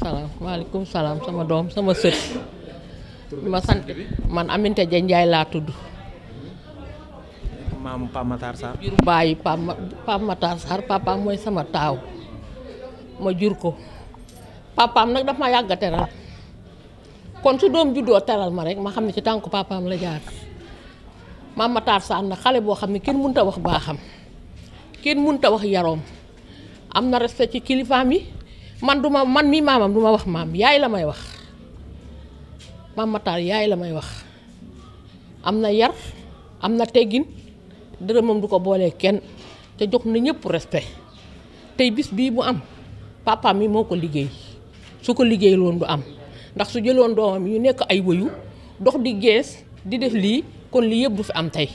salaam waaleykum salaam sama doom sama sët ma sant man Aminata Dia Ndiaye laa tudd maamu Pape Matar Sarr jur bàyyi mooy sama taaw ma jur ko papaam nag daf ma yàgg a teral kon su doom juddoo teral ma rek ma xam ne ci tànku papaam la jaar Mame Matar Sarr nag xale boo xam ne kenn mënut wax wax xam kenn mënta wax yaroom am na respect ci kilifaam yi man duma man mi maamam du ma wax maam yaay la may wax maam Matar yaay la may wax am na yar am na teggin dërëmam du ko boolee kenn te jox na ñëpp respect tey bis bii bu am papa mi moo ko liggéey su ko liggéey loon du am ndax su jëloon doomam yu nekk ay wëyu dox di gees di def lii kon lii yëpp du fi am tey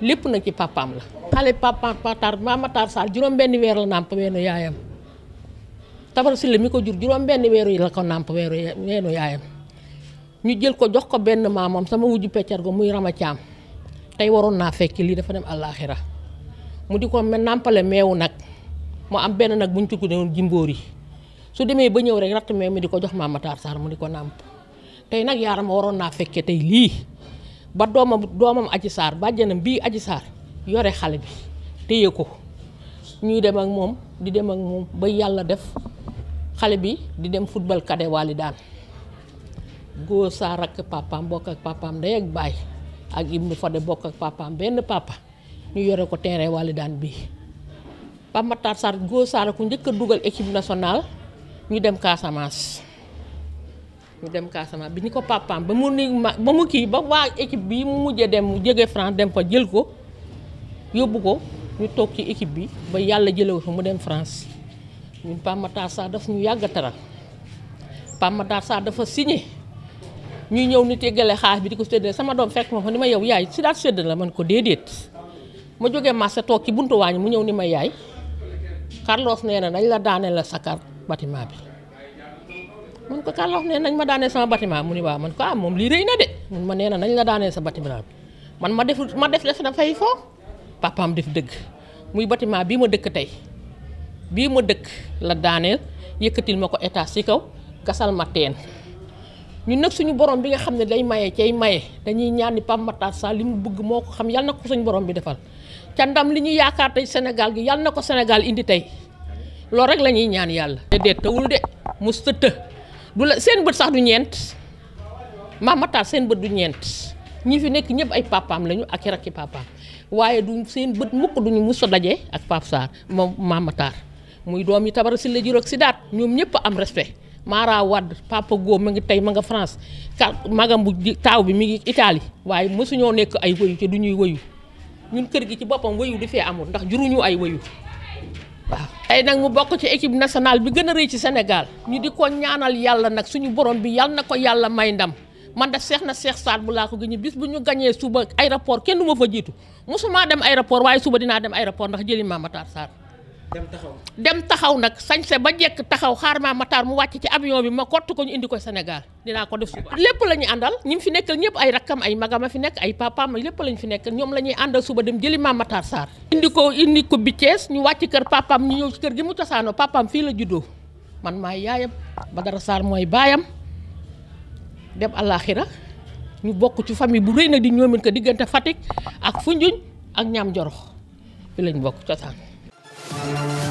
lépp nag ci papaam la xale papa Matar Maam Matar Sall juróom benn weer la nàmp benn yaayam tabara silla mi ko jur juróom benn weeru yi la ko nàmp weeru weenu yaayam ñu jël ko jox ko benn maamam sama wujju peccar go muy rama caam tey waroon naa fekki lii dafa dem àllaaxira mu di ko nàmpale meewu nag mu am benn nag buñ tukku demoon jimbóor yi su demee ba ñëw rek ratt mi di ko jox maam Matar mu di ko nàmp tey nag yaaram waroon naa fekkee tey lii ba doomam doomam aji saar bàjjanam bii aji saar yore xale bi téye ko ñuy dem ak moom di dem ak moom ba yàlla def xale bi di dem football cadet waali daan góor saa rakk papaam bokk ak papaam day ak baay ak ibnu fade bokk ak papaam benn pàppa ñu yore ko terrain waali daan bii Pape Matar Sarr góor saa la ku njëkk a dugal équipe nationale ñu dem Casamance ñu dem Casamance bi ñu ko papaam ba mu ni ba mu kii ba waa équipe bi mu mujjee dem mu jóge France dem fa jël ko yóbbu ko ñu toog ci équipe bi ba yàlla jëlewu fa mu dem France ñun Pape Matar Sarr daf ñu yàgg a dafa signé ñuy ñëw nit yeggale xaalis bi di ko séddale sama doom fekk ma ko ni ma yow yaay si daal séddale man ko déedéet ma jógee marché toog ci buntu waañ mu ñëw ni ma yaay Carlos nee na dañ la daaneel la sakar bâtiment bi man ko Carlos nee nañ ma daaneel sama bâtiment mu ni waaw man ko ah moom lii rëy na de mun ma nee na nañ la daaneel sa bâtiment bi man ma def ma def def na fay foo papaam def dëgg muy bâtiment bii ma dëkk tey bii ma dëkk la daaneel yëkkatil ma ko état ci kaw gasal ma teen ñun nag suñu borom bi nga xam ne day maye cay maye dañuy ñaan ni Pape Matar Sarr li mu bëgg moo ko xam yal na ko suñu borom bi defal ca ndam li ñu yaakaar tey Sénégal gi yal na ko senegal indi tey loolu rek lañuy ñaan yàlla. déedéet tawul de mosut a të du la seen bët sax du ñeent Pape Matar seen bët du ñeent ñi fi nekk ñëpp ay papaam lañu ak i rakki papaam waaye du seen bët mukk duñu mos a moom Pape muy doom yi Tabara Sylla Joob ak Sidaat ñoom ñëpp am respect Mara Wade papa góob ma ngi tey ma nga France ka magam bu taaw bi mi ngi Italie waaye mësuñoo nekk ay wëyu ci du ñuy wëyu ñun kër gi ci boppam wëyu di fee amul ndax juruñu ay wëyu waaw tey nag mu bokk ci équipe nationale bi gën a rëy ci senegal ñu di ko ñaanal yàlla nag suñu borom bi yàlla na ko yàlla may ndam man da seex na seex saat bu laa ko gëñu bis bu ñu gañee suba aéroport kenn du ma fa jiitu mosumaa dem aéroport waaye suba dinaa dem aéroport ndax jëli Mame Matar Sarr dem taxaw dem taxaw nag sañse ba jekk taxaw xaar maa mataar mu wàcc ci avion bi ma kott ko ñu indi ko Sénégal dinaa ko def suba lépp la ñuy àndal ñi mu fi nekkal ñëpp ay rakkam ay a fi nekk ay papam lépp lañ fi nekk ñoom la ñuy àndal suba dem jëli maa Matar Sarr indi ko indi ko Bithiès ñu wàcc kër papam ñu ñëw ci kër gi mu cosaanoo papam fii la juddoo man maay yaayam Badara saar mooy baayam dem àllaaxira ñu bokk ci famille bu rëy nag di ñoomin ko diggante Fatick ak Foundiougne ak ñaam jorox fi lañ bokk cosaan Thank you.